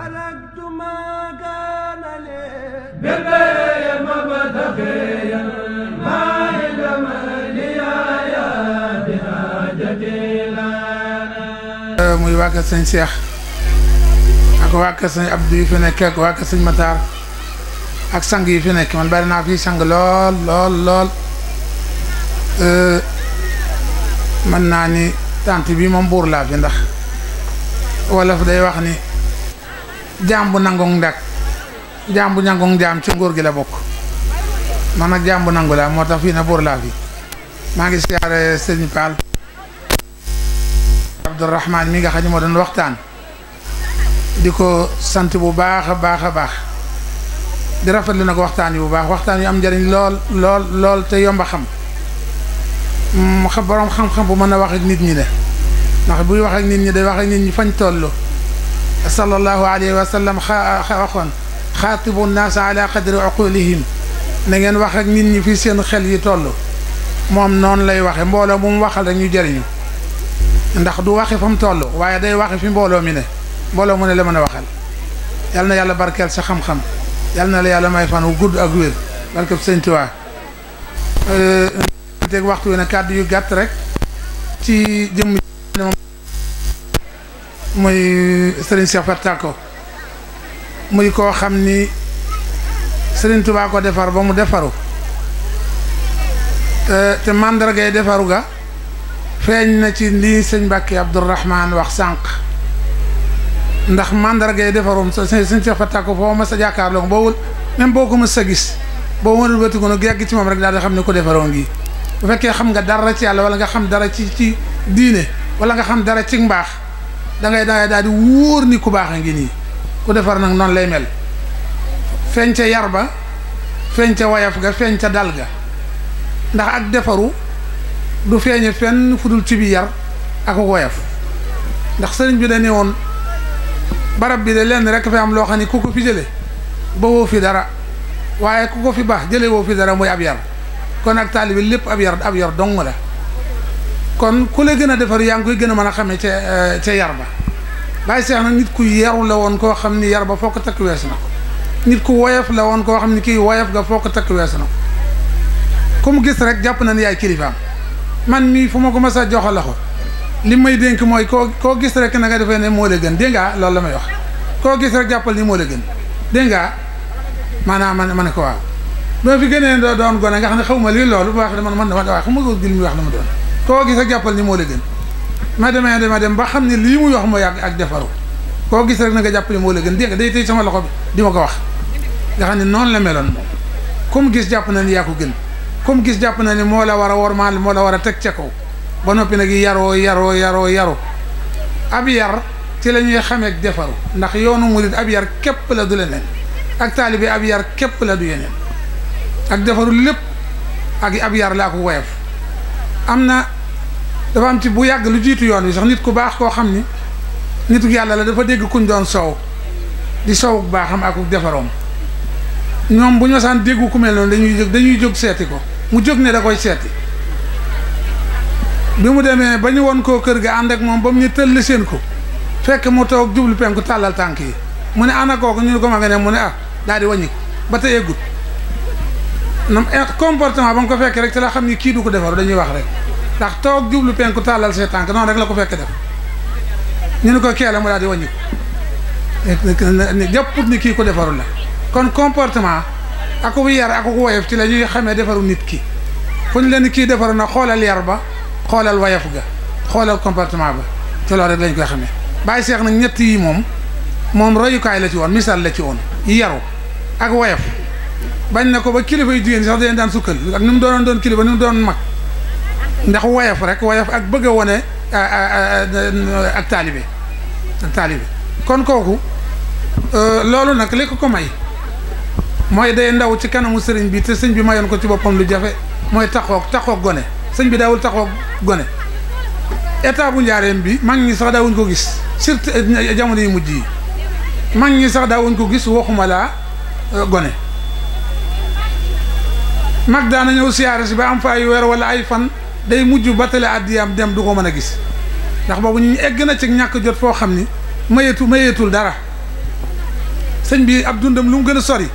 تركت ما كان لي بغير مبتغيا ما علم لي يا بحاجتي لا muy waa kër sëñ Cheikh ak waa kër sëñ Abdou yi fi nekk ak waa kër ak sang yi fi man bari naa fii sang lool lool lool euh, mën naa ni tànt bi moom buur laa fi ndax wolof day wax ni jaam bu nangoog ndak jaam bu nangoog jaam ci ngóor gi la bokk man nag jaam bu nangu laa moo tax fii na boor laa fi maa ngi siyaare sëñ Paal Abdourahman mi nga xam ne moo doon waxtaan di ko sant bu baax a baax a baax di rafet rafetlu nag waxtaan yu bu baax waxtaan yu am njariñ lool lool lool te yomba xam mm, xam boroom xam-xam bu mën a wax ak nit ñi de ndax buy wax ak nit ñi day wax ak nit ñi fañ toll sallallahu alayhi wa sallam xa waxoon xaatibu naas a qadri uqulihim na ngeen wax ak nit ñi fi seen xel yi toll moom noonu lay waxe mbooloo mu mu waxal rek ñu jëriñu ndax du waxe fa mu toll waaye day waxe fi mbooloo mi ne mbooloo mu ne la mën a waxal yal na yàlla barkeel sa xam-xam yal na la yàlla may fan wu gudd ak wér barkeb sëñ Tuubaa euh, teg waxtu wi ne kàddu yu gàtt rek ci jëmm muy Serigne Cheikh Fatta ko muy koo xam ni Serigne Touba defar ba mu defaru te màndargay defaru ga feeñ na ci lii sëñ Mbàkke Abdourahman wax sànq ndax màndargay defarum sa sëñ Cheikh Fatta ko foo ma sa jàkkaarloo boowul même boo ko mës sa gis boo mënul bëtt ko gegg ci moom rek daal di xam ne ko defaroon gi bu fekkee xam nga dara ci yàlla wala nga xam dara ci diine wala nga xam dara ci mbaax da ngay da ngay daal di wóor ni ku baax a ngi nii ku defar nag noonu lay mel feeñ ca yar ba feeñ ca wayaf ga feeñ ca dal ga ndax ak defaru du feeñe fenn fudul ci bi yar ak woyaf ndax sëriñ bi dañu ne woon barab bi de lenn rek fi am loo xam ni ku ko fi jële ba woo fi dara waaye ku ko fi baax jële woo fi dara muy ab yar kon ak taalibi lépp ab yar ab yar dong la kon ku la gën a defar yaa ngi koy gën a mën a xamee ca eh, ca yar ba bàyyi nit ku yaru la woon koo xam ni yar ba foo ko takk wees na ko nit ku woyof la woon koo xam ni kii woyof ga foo ko takk wees na ko ku gis rek jàpp na ni yaay kilifaam man mii fu ma ko mas a joxal la ko li may dénk mooy koo koo gis rek na nga defee ne moo la gën dégg nga la may wax koo gis rek jàppal ni moo la gën dégg nga maanaam man ma ne ko waaw ba fi gënee doo doon gone nga xam ne xaw ma lii loolu bu wax man man dama waaw xaw ma ko gil koo gis ak jàppal ni moo la gën ma demee dema dem ba xam ne lii muy wax mooy ak ak defaru koo gis rek na nga jàpp ni moo la gën dégg day tey sama loxo bi di ma ko wax nga xam ne noonu la meloon moom comme gis jàpp na ni yaa ko gën comme gis jàpp na ni moo la war a wormaal moo la war a teg ca kaw ba noppi nag yaroo yaroo yaroo yaroo ab yar ci la ñuy xamee ak defaru ndax yoonu murit ab yar képp la du leneen ak ab yar képp la du yeneen ak defaru lépp ak ab yar laa ko woyof am na dafa am ci bu yàgg lu jiitu yoon wi sax nit ku baax koo xam ni nit nitu yàlla la dafa dégg kuñ doon soow di soowuk baaxam ak defaroom ñoom bu ñosaan masaan déggu ku mel noonu dañuy jóg dañuy jóg seeti ko mu jóg ne da koy seeti bi mu demee ba ñu won koo kër gi ànd ak moom ba mu ñu tëll séen ko fekk mu toog jublu penku tàllal tànk yi mu ne ana kooku ñu ne ko ma mu ne ah daal di wàññi ba te eggut nam eh, comportement ba nga ko fekkee rek ci la xam ni kii du ko defaru dañuy wax rek ndax toog jublu penku tàllal say tànk noonu rek la ko fekke def ñu ne ko kee la mu daal di wàññi ko jàpput ni kii ko defaru la kon comportement ak bu yar ak bu woyof ci la ñuy xamee defaru nit ki fo ñu leen kii defaru na xoolal yar ba xoolal woyof ga xoolal comportement ba ci loolu rek lañ koy xamee bàyyi seex nag ñett yi moom moom royukaay la ci woon misaal la ci woon yaru ak woyof bañ na ko ba kilifa yu jigéen sax dañ daan sukkal ak ni mu doonoon doon kilifa ni mu doon mag ndax woyof rek woyof ak bëgg a wone ak taalibe ak taalibe kon kooku euh, loolu nag li ko ko may mooy day ndaw ci kanamu sëriñ bi te sëñ bi mayoon ko ci boppam lu jafe mooy taxook taxoog gone sëñ bi daawul taxoog gone état bu njaareem bi mag ñi sax daawuñ ko gis surtout euh, jamono yu mujj yi mag ñi sax daawuñ ko gis waxuma laa euh, gone mag daana ñëw siyaare si ba am fa ay weer wala ay fan day mujj batale àddiyaam dem du ko mën a gis ndax boobu ñu egg na ci ñàkk jot foo xam ni mayeetu mayeetul dara sëñ bi ab dundam lu mu gën a sori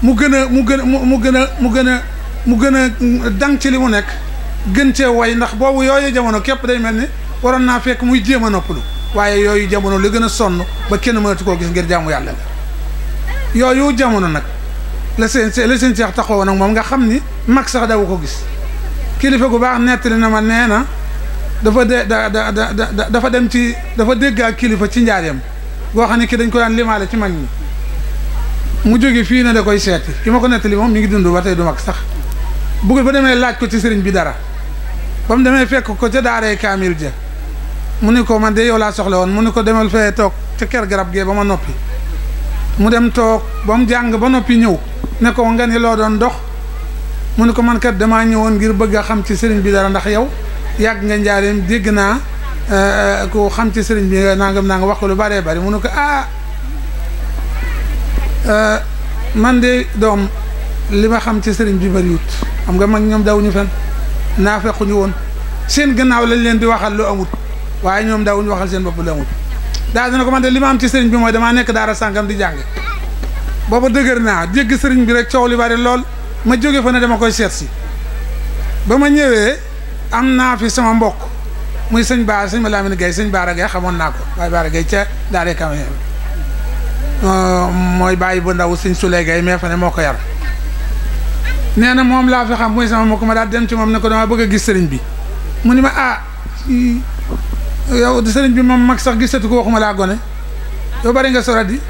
mu gën a mu gën a mu gën a mu gën a mu gën a dang ci li mu nekk gën cee way ndax boobu yooyu jamono képp day mel ni waroon naa fekk muy jéem a noppalu waaye yooyu jamono li gën a sonn ba kenn mënatu koo gis ngir jàmm yàlla la yooyu jamono nag la seen la seen seex moom nga xam ni mag sax daw ko gis kilifa gu baax nettali na ma nee na dafa de da da da dafa dem ci dafa dégg ak kilifa ci njaareem goo xam ne ki dañ ko daan limaale ci mag ñi mu jóge fii na da koy seeti ki ma ko nettali moom mi ngi dund ba tey du mag sax bugul ba demee laaj ko ci sëriñ bi dara ba mu demee fekk ko ca daaree kaamil ja mu ni ko man de yow laa soxle woon mu ni ko demal fee toog ca ker garab gee ba ma noppi mu dem toog ba mu jàng ba noppi ñëw ne ko nga ni loo doon dox mu ne ko man kat damaa ñëwoon ngir bëgg a xam ci sëriñ bi dara ndax yow yàgg nga njaareem dégg naa eh, eh, ku xam ci sëriñ bi nangam nangam wax ko lu bëree bëri mu ne ko ah eh, man de doom li ma xam ci sëriñ bi bëriwut xam nga mag ñoom daw ñu fen naafequñu woon seen gannaaw lañ leen di waxal lu amut waaye ñoom daawuñu waxal seen bopp lu amut daal dina ko man de li ma am ci sëriñ bi mooy damaa nekk daara sàngam di jàng booba dëgër naa dégg sëriñ bi rek coow li bari lool ma jóge fa ne dama koy seet si ba ma ñëwee am naa fi sama mbokk muy sëñ ma sëñ Malamine Gueye sëñ Baara Gueye xamoon naa ko waaye Baara Gueye ca daara Kameya mooy bàyyi bu ndaw sëñ Souley Gueye mais fa moo ko yar nee na moom laa fi xam muy sama mbokk ma daal dem ci moom ne ko dama bëgg a gis sëriñ bi mu ni ma ah. yow di sëriñ bi moom mag sax gisatu ko waxuma laa gone yow bari nga sorat yi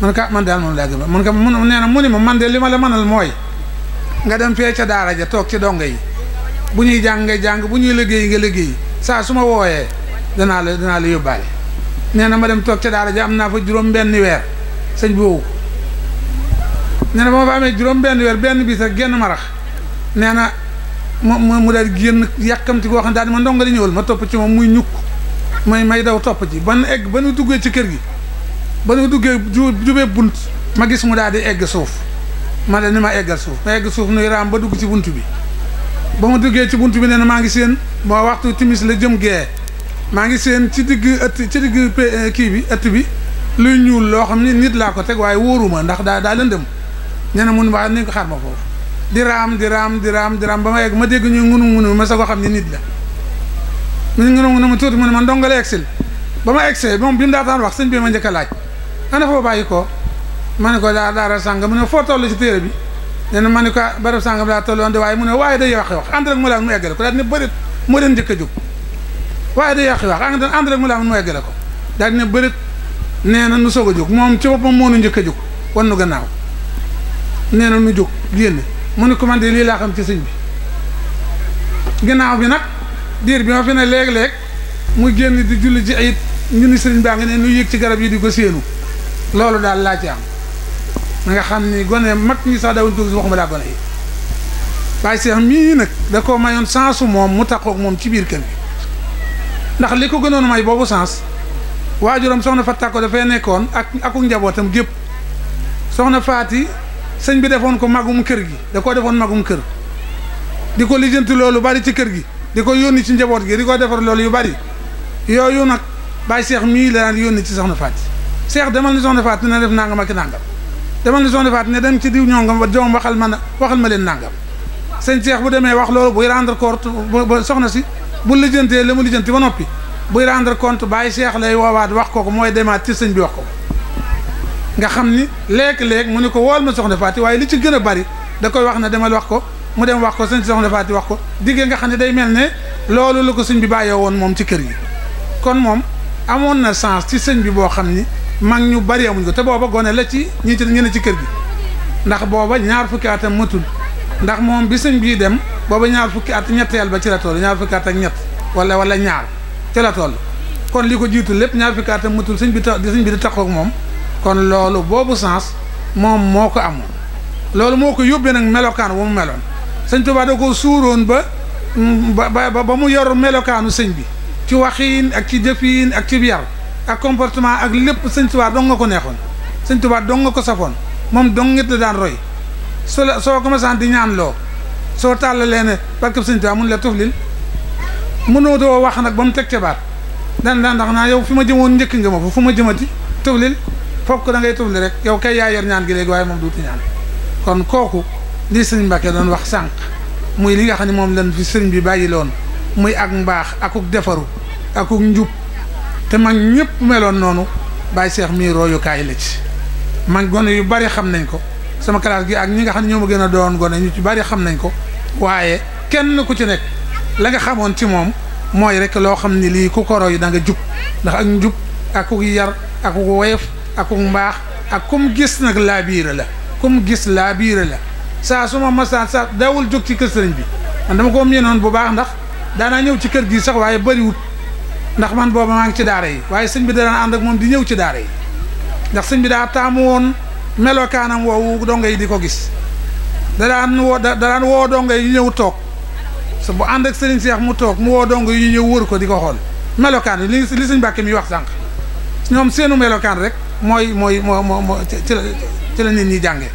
man ka man daal moom laa gëm man ka nee na mu ni ma man de li ma la mënal mooy nga dem fee ca daara ja toog ci dongo yi bu ñuy jàng nga jàng bu ñuy liggéey nga liggéey saa su ma wooyee danaa la danaa la yóbbaale nee na ma dem toog ca daara ja am naa fa juróom benn weer sëñ bi woowu nee na ba ma fa amee juróom benn weer benn bis ak genn marax nee na ma ma mu daal génn yàkkamti goo xam daal di ma ndongo li ñëwal ma topp ci moom muy ñukk may may daw topp ci ban egg ba nu duggee ci kër gi ba nu duggee ju jubee bunt ma gis mu daal di egg suuf ma ne ni ma eggal suuf ma egg suuf nuy raam ba dugg ci bunt bi ba ma duggee ci bunt bi nee na maa ngi seen ba waxtu timis la jëm gee maa ngi seen ci digg ëtt ci digg eh, kii bi ëtt bi luy ñuul loo xam ne nit laa ko teg waaye wóoruma ndax daal daa dem nee na mun waa ni xaar ma di raam di raam di raam di raam ba ma yegg ma dégg ñu ngunu ngunu ma sa ko xam ni nit la mu ngunu ngunu mu tuuti mu ne ma ndongale egsil ba ma egsee moom bi mu daataan wax sëñ bi ma njëkk a laaj ana foo bàyyi ko ma ne ko daa daara sànga mu ne foo toll ci téere bi nee na ma ne ko ah, barab sàngam laa tolloon de waaye mu ne waaye day wax wax ànd rek mu laa mu eggale ko daal ne bërit moo leen njëkk a jóg waaye day wax wax ànd rek mu laa mu eggale ko daal ne bërit nee na nu soog a jóg moom ci boppam moo nu njëkk a jóg wan nu gannaaw nee na nu jóg génn mu ne ko lii laa xam ci sëñ bi gannaaw bi nag diir bi ma fi ne léeg-léeg mu génn di julli ji ayit ñu ni baa ngi ne nu yéeg ci garab yi di ko séenu loolu daal laa ci am ma nga xam ni gone mag ñi sax daawuñ ko gis waxuma laa gone yi waaye seex mii nag da ko mayoon sansu moom mu taxoog moom ci biir ka gi ndax li ko gënoon may boobu sans waajuram soxna fa ko dafay nekkoon ak aku njabootam gépp soxna Faati sëñ bi defoon ko magum kër gi da koo defoon magum kër di ko lijjanti loolu bari ci kër gi di ko yónni ci njaboot gi di ko defar loolu yu bari yooyu nag bàyyi seex mii la daan yónni ci soxna Faati seex demal ni soxna Faati ne def nangam ak nangam demal ni soxna Faati ne dem ci diw ñoom ba joom waxal ma na waxal ma leen nangam sëñ seex bu demee wax loolu buy rendre compte ba soxna si bu lijjantee la mu lijjanti ba noppi buy rendre compte bàyyi seex lay woowaat wax ko ko mooy demaat ci sëñ bi wax nga xam ni léeg-léeg mu ne ko wool ma soxna Faati waaye li ci gën a bari da koy wax na demal wax ko mu dem wax ko sëñ soxna Faati wax ko diggee nga xam ne day mel ne loolu la ko sëñ bi bàyyee woon moom ci kër gi kon moom amoon na chance ci sëñ bi boo xam ni mag ñu bari amuñ ko te booba gone la ci ñi ci ñeneen ci kër gi ndax booba ñaar fukki atam matul ndax moom bi sëñ bii dem booba ñaar fukki at ñetteel ba ci la toll ñaar fukki at ak ñett wala wala ñaar ci la toll kon li ko jiitu lépp ñaar fukki at ak matul sëñ bi sëñ bi di taxoog moom kon loolu boobu sens moom moo ko amoon loolu moo ko yóbbee nag melokaan wu mu meloon sëñ Tuubaa da ko suuroon ba ba ba mu yor melokaanu sëñ bi ci waxiin ak ci jëfiin ak ci yar ak comportement ak lépp sëñ Tuubaa dong nga ko neexoon sëñ Tuubaa dong nga ko safoon moom dong ngit la daan roy su soo ko masaan di ñaan loo soo tàllalee ne barkeb sëñ Tuubaa mun la tuflil mënoo doo wax nag ba mu teg ca baat daan daan naa yow fi ma jëmoon njëkk nga ma fa fu ma jëmati tuflil fokk da ngay tufli rek yow kay yaay yor ñaan gi léegi waaye moom duuti ñaan kon kooku li sëñ Mbàkke doon wax sànq muy li nga xam ne moom lañ fi sëñ bi bàyyi loon muy ak mbaax akuk defaru akuk njub te mag ñëpp meloon noonu bàyyi seex mii royukaay la ci mag gone yu bari xam nañ ko sama classe gi ak ñi nga xam ne ñoo ma gën a doon gone ñu ci bari xam nañ ko waaye kenn ku ci nekk la nga xamoon ci moom mooy rek loo xam ne lii ku koro yi danga nga ndax ak njub ak yar ak ku ak mbaax ak kum gis nag laa biira la kum gis laa biira la saa ma masaan saa dawul jog ci kër sëriñ bi man dama ko miinoon bu baax ndax daanaa ñëw ci kër gi sax waaye bëriwut ndax man booba maa ngi ci daara yi waaye sëñ bi danaa ànd ak moom di ñëw ci daara ndax sëñ bi daa taamu woon melokaanam woowu donga yi di ko gis dadaan woo dadaan woo donga yi ñëw toog sa bu ànd ak sëriñ Seex mu toog mu woo donga yi ñu ñëw wër ko di ko xool melokaan li li sëñ Mbàkke mi wax sànq ñoom seenu melokaan rek mooy mooy moo moo moo ci la ci la nit ñi jànge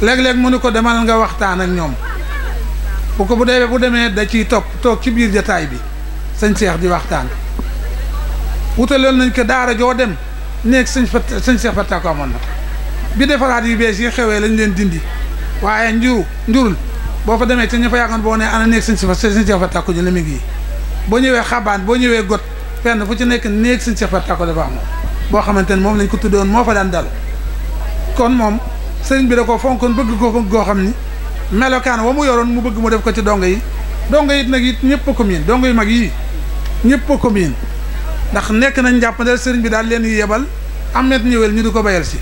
léeg-léeg mu ni ko demal nga waxtaan ak ñoom bu ko bu dee bu demee da ciy topp toog ci biir jataay bi sëñ Cheikh di waxtaan wutaloon nañ ko daara joo dem néeg sëñ fa sëñ Cheikh Fatta ko amoon na bi defaraat yu bees yi xewee lañ leen dindi waaye njuru njurul boo fa demee ca ñu fa yàggoon boo nee ana néeg sëñ sëñ Cheikh Fatta boo ñëwee xabaan boo ñëwee got fenn fu ci nekk néeg sëñ Cheikh Fatta ko dafa amoon boo xamante ne moom lañ ko tuddoon moo fa daan dal kon moom sëriñ bi da ko fonkoon bëgg ko bëgg koo xam ni melokaan wa mu yoroon mu bëgg mu def ko ci dongo yi dongo yi nag it ñëpp a ko miin dongo yu mag yii ñëpp a ko miin ndax nekk nañ jàppandal sëriñ bi daal leen di yebal am net ñëwel ñu di ko bayal si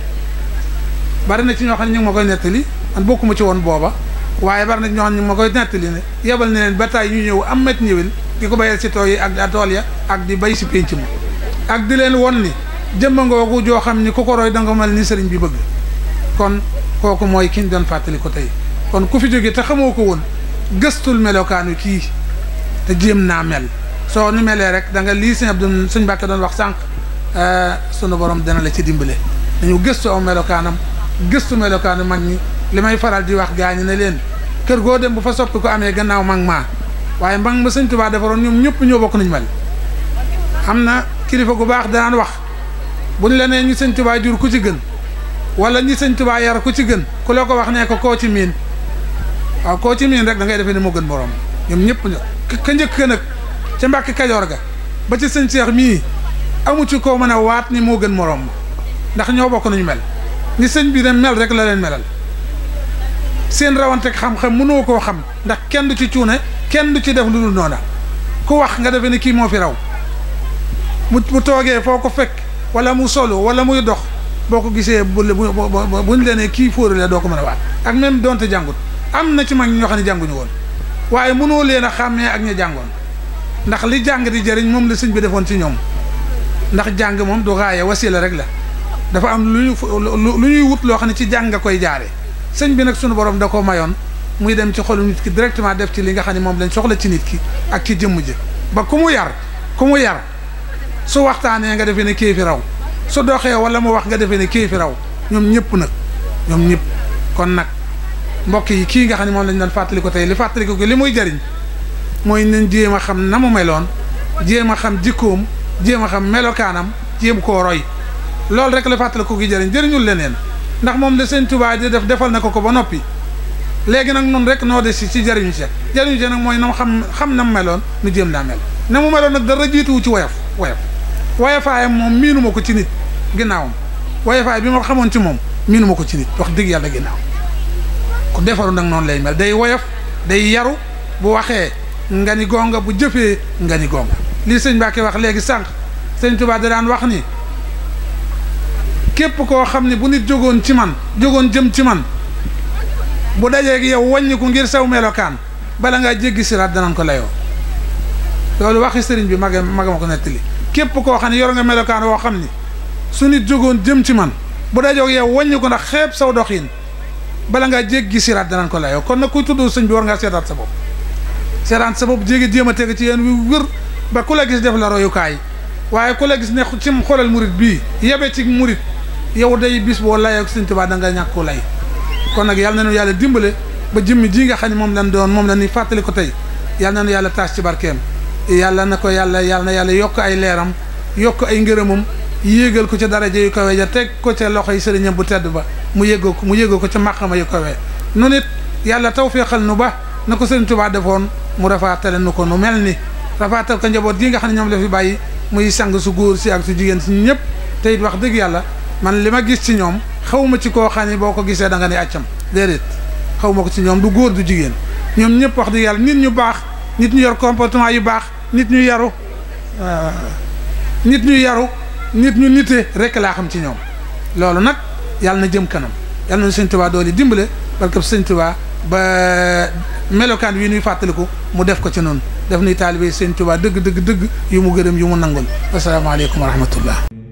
bari na ci ñoo xam ne ñu ma koy nettali man ci woon booba waaye bari na ñoo xam ne koy nettali ne yebal na leen ba tay ñu ñëw am met ñëwel di ko bayal si tool yi ak tool ya ak di bay si pénc ma ak di leen won ni jëmma jëmmangoogu joo xam ni ku ko roy danga mel ni sëriñ bi bëgg kon kooku mooy ki ñu doon fàttali ko tey kon ku fi jóge te xamoo ko woon gëstul melokaanu kii te jéem naa mel soo nu melee rek da nga lii sëñ Abdou sëñ Mbàkke doon wax sànq eh, sunu borom dana la ci dimbale dañu gëstu aw melokaanam gëstu melokaanu mag ñi li may faral di wax gaa ñi ne leen kër goo dem bu fa soppi ko amee gannaaw mag maa waaye mag ma sëñ Tuubaa defaroon ñoom ñëpp ñoo bokk nañu mel am na kilifa gu baax danaan wax buñ la nee ñi sëñ tubaa jur ku ci gën wala ñi sëñ tubaa yar ku ci gën ku la ko wax nee ko koo ci miin waaw koo ci miin rek da ngay defee ni moo gën borom ñoom ñëpp ka njëkk ca mbàkki kajoor ga ba ci sëñ seex mii amu ci koo mën a waat ni moo gën morom ndax ñoo bokk nañu mel ñu sëñ bi dem mel rek la leen melal seen rawanteeg xam-xam mënoo koo xam ndax kenn du ci cuune kenn du ci def lu dul noona ku wax nga defe ni kii moo fi raw mu mu toogee foo ko fekk wala mu solo wala muy dox boo ko gisee bu buñ leen kii fóorale doo ko mën a waat ak même donte jàngut am na ci mag ñoo xam ne jànguñu woon waaye mënoo leen a xàmmee ak ña jàngoon ndax li jàng di jëriñ moom la sëñ bi defoon ci ñoom ndax jàng moom du raaya wasila rek la dafa am lu ñu lu ñuy wut loo xam ne ci jàng nga koy jaare sëñ bi nag sunu borom da ko mayoon muy dem ci xolu nit ki directement def ci li nga xam ne moom lañ soxla ci nit ki ak ci jëmm ji ba ku mu yar ku mu yar su waxtaanee nga defee ne kii fi raw su doxee wala mu wax nga defee ne kii fi raw ñoom ñëpp nag ñoom ñëpp kon nag mbokk yi kii nga xam ne moom lañ doon fàttali ko tey li fàttali li muy jariñ mooy nañ jéem a xam na mu meloon jéem a xam jikkoom jéem a xam melokaanam jéem koo roy loolu rek la fàttali ko ki jëriñ jëriñul leneen ndax moom la sëñ Tuubaa di def defal na ko ko ba noppi léegi nag noonu rek noo des si si jëriñu si jëriñu si nag mooy na mu xam xam na mu meloon nu jéem naa mel na mu meloon nag dara jiituwu ci woyof woyof woyofaayam moom miinuma ko ci nit ginnaawam woyofaay bi ma xamoon ci moom miinuma ko ci nit wax dëgg yàlla ginnaaw ku defaru nag noonu lay mel day woyof day yaru bu waxee nga ni gonga bu jëfee nga ni gonga lii sëñ Mbàkke wax léegi sànq sëñ Tuubaa da daan wax ni képp koo xam ne bu nit jógoon ci man jógoon jëm ci man bu dajeeg yow wàññiku ngir sew melokaan bala ngaa jéggi siraat danañ ko layoo loolu waxi sëriñ bi mage mage ma ko nettali képp koo xam ne yor nga melokaan woo xam ni su nit jógoon jëm ci man bu dajoog yow wàññi ko ndax xeeb saw doxin bala ngaa jéggi siraat danañ ko layoo kon nag kuy tudd sëñ bi war ngaa seetaat sa bopp seetaat sa bopp jéegi jéem a teg ci yéen wi wër ba ku gis def la royukaay waaye ku la gis ne cim xoolal murit bii yabe ci murit yow day bis boo layoo ak sëñ Tuubaa da nga ñàkku lay kon nag yàlla nañu yàlla dimbale ba jëmmi jii nga xam ne moom lañ doon moom la ñuy fàttali ko tey yàlla nañu yàlla taas ci barkeem yàlla na ko yàlla yàlla na yàlla yokk ay leeram yokk ay ngërëmam yéegal ko ca daraja yu kawe ja teg ko ca loxoy sëriñam bu tedd ba mu yéegoo ko mu yéegoo ko ca màqama yu kawee nu nit yàlla tawféexal nu ba na ko sëriñ Tuubaa defoon mu rafaatale nu ko nu mel ni rafaatal ko njaboot gii nga xam ne ñoom la fi bàyyi muy sang su góor si ak su jigéen si ñëpp te wax dëgg yàlla man li ma gis ci ñoom xawma ci koo xam boo ko gisee danga nga ne accam déedéet xawma ko ci ñoom du góor du jigéen nit ñu yaru nit ñu yaru nit ñu nite rek laa xam ci ñoom loolu nag yàlla na jëm kanam yàlla na sëñ Tuubaa doole dimbale parce que sëñ Tuubaa ba melokaan wi nuy fàttaliku mu def ko ci noonu def nuy taalibe sëñ Tuubaa dëgg dëgg dëgg yu mu gërëm yu mu nangul asalaamaaleykum wa rahmatullah